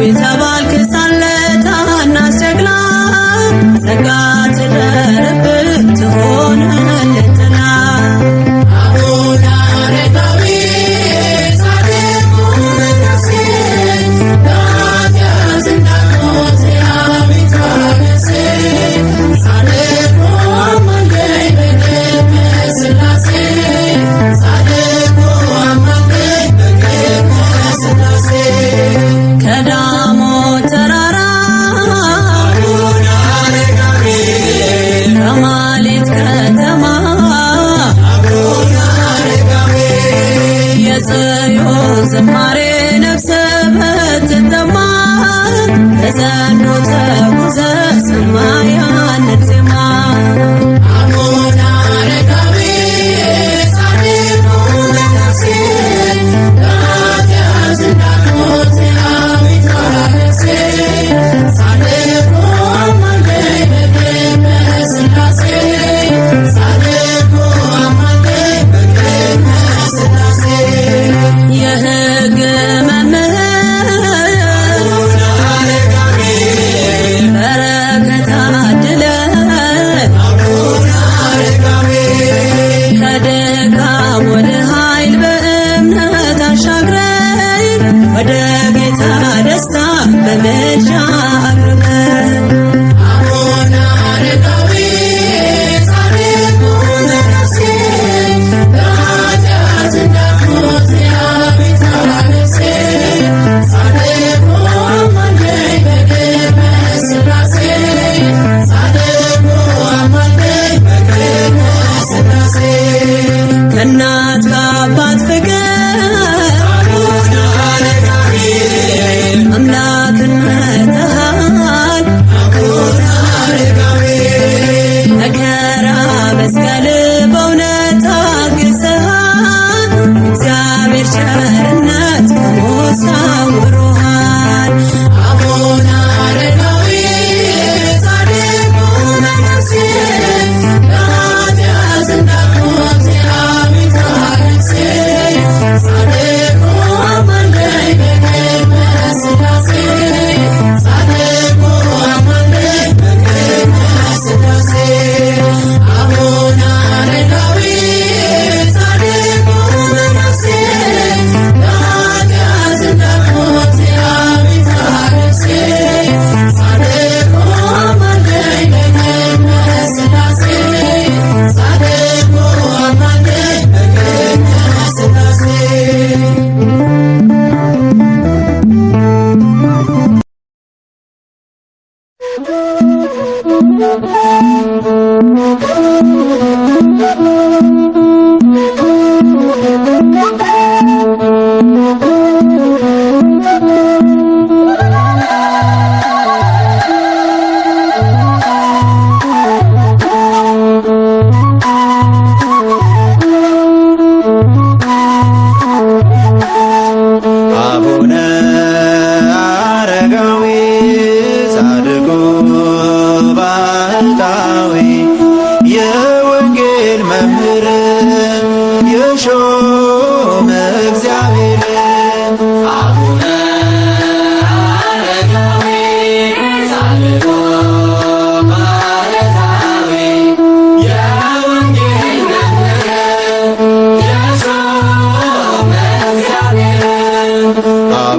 always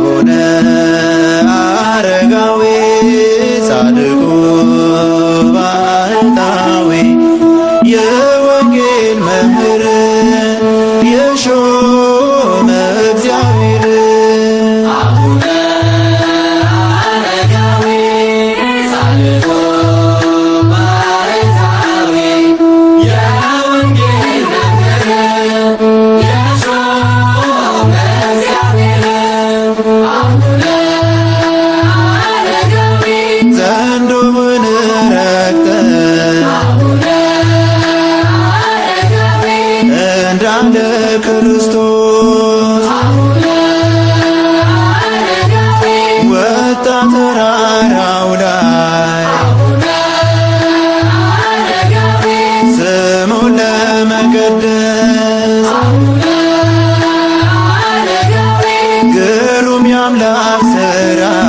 Jordan. መድኃኔ ክርስቶስ ወጣ ተራራው ላይ ስሙን ለመቀደስ ግሩም የአምላክ ሥራ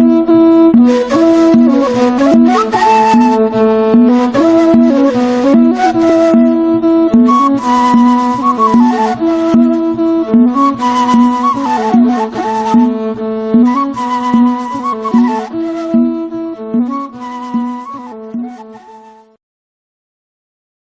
Mm-hmm.